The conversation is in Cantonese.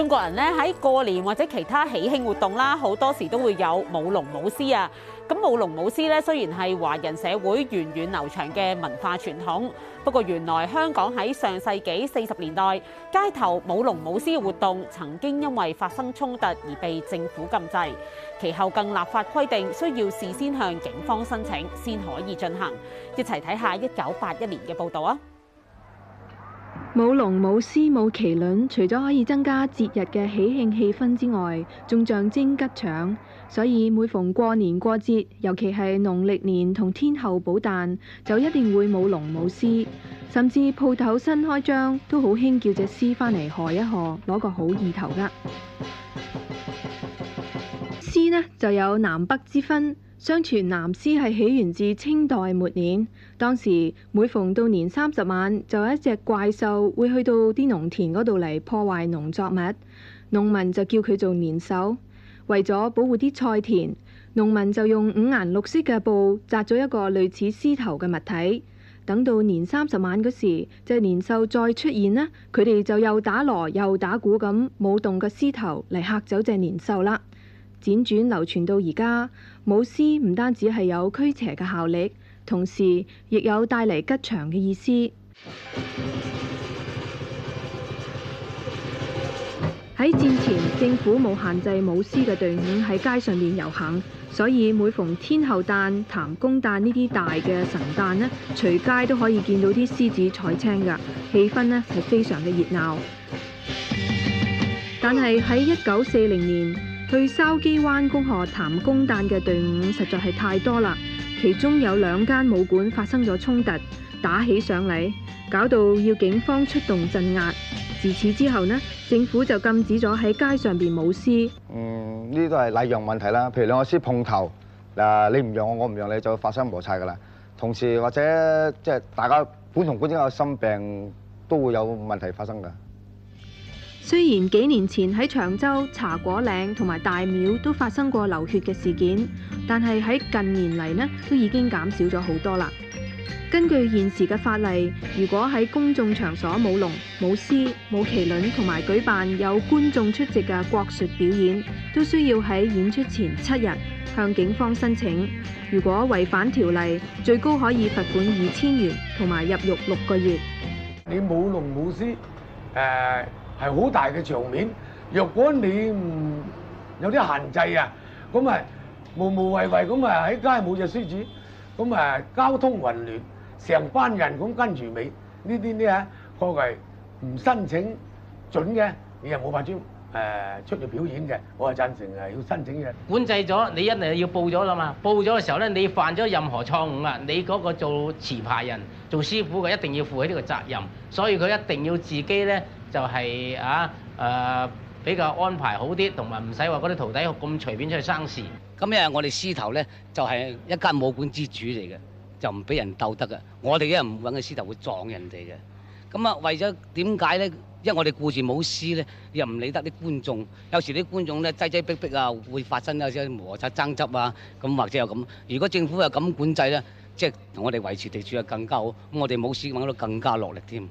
中國人呢，喺過年或者其他喜慶活動啦，好多時都會有舞龍舞獅啊。咁舞龍舞獅呢，雖然係華人社會源遠流長嘅文化傳統，不過原來香港喺上世紀舞龍舞獅舞麒麟，除咗可以增加節日嘅喜慶氣氛之外，仲象徵吉祥。所以每逢過年過節，尤其係農曆年同天後寶誕，就一定會舞龍舞獅。甚至鋪頭新開張，都好興叫隻獅翻嚟賀一賀，攞個好意頭㗎。獅呢就有南北之分。相傳南獅係起源自清代末年，當時每逢到年三十晚，就有一隻怪獸會去到啲農田嗰度嚟破壞農作物，農民就叫佢做年獸。為咗保護啲菜田，農民就用五顏六色嘅布紮咗一個類似獅頭嘅物體。等到年三十晚嗰時，隻年獸再出現呢，佢哋就又打鑼又打鼓咁舞動個獅頭嚟嚇走隻年獸啦。輾轉流傳到而家，舞獅唔單止係有驅邪嘅效力，同時亦有帶嚟吉祥嘅意思。喺 戰前，政府冇限制舞獅嘅隊伍喺街上面遊行，所以每逢天后誕、譚公誕呢啲大嘅神誕咧，隨街都可以見到啲獅子採青㗎，氣氛咧係非常嘅熱鬧。但係喺一九四零年，去筲箕灣賀譚公誕嘅隊伍實在係太多啦，其中有兩間武館發生咗衝突，打起上嚟，搞到要警方出動鎮壓，自此之後呢，政府就禁止咗喺街上邊舞獅。雖然幾年前喺長洲茶果嶺同埋大廟都發生過流血嘅事件，但係喺近年嚟呢都已經減少咗好多啦。根據現時嘅法例，如果喺公眾場所舞龍、舞獅、舞麒麟同埋舉辦有觀眾出席嘅國術表演，都需要喺演出前七日向警方申請。如果違反條例，最高可以罰款二千元同埋入獄六個月。你舞龍舞獅誒？係好大嘅場面，若果你唔有啲限制啊，咁啊無無謂謂咁啊喺街冇隻獅子，咁啊交通混亂，成班人咁跟住尾，呢啲啲啊，確係唔申請準嘅，你又冇法子。誒、呃、出嚟表演嘅，我係贊成係要申請嘅。管制咗，你一嚟要報咗啦嘛。報咗嘅時候咧，你犯咗任何錯誤啊，你嗰個做持牌人、做師傅嘅一定要負起呢個責任。所以佢一定要自己咧，就係、是、啊誒、呃、比較安排好啲，同埋唔使話嗰啲徒弟咁隨便出去生事。咁因為我哋師頭咧就係、是、一間武館之主嚟嘅，就唔俾人鬥得㗎。我哋一嘅唔會搵個師頭會撞人哋嘅。咁啊，為咗點解咧？因為我哋顧住舞獅咧，又唔理得啲觀眾。有時啲觀眾咧擠擠逼逼啊，會發生有啲摩擦爭執啊。咁或者又咁。如果政府又咁管制呢，即係我哋維持秩序更加好。咁我哋舞獅揾到更加落力添。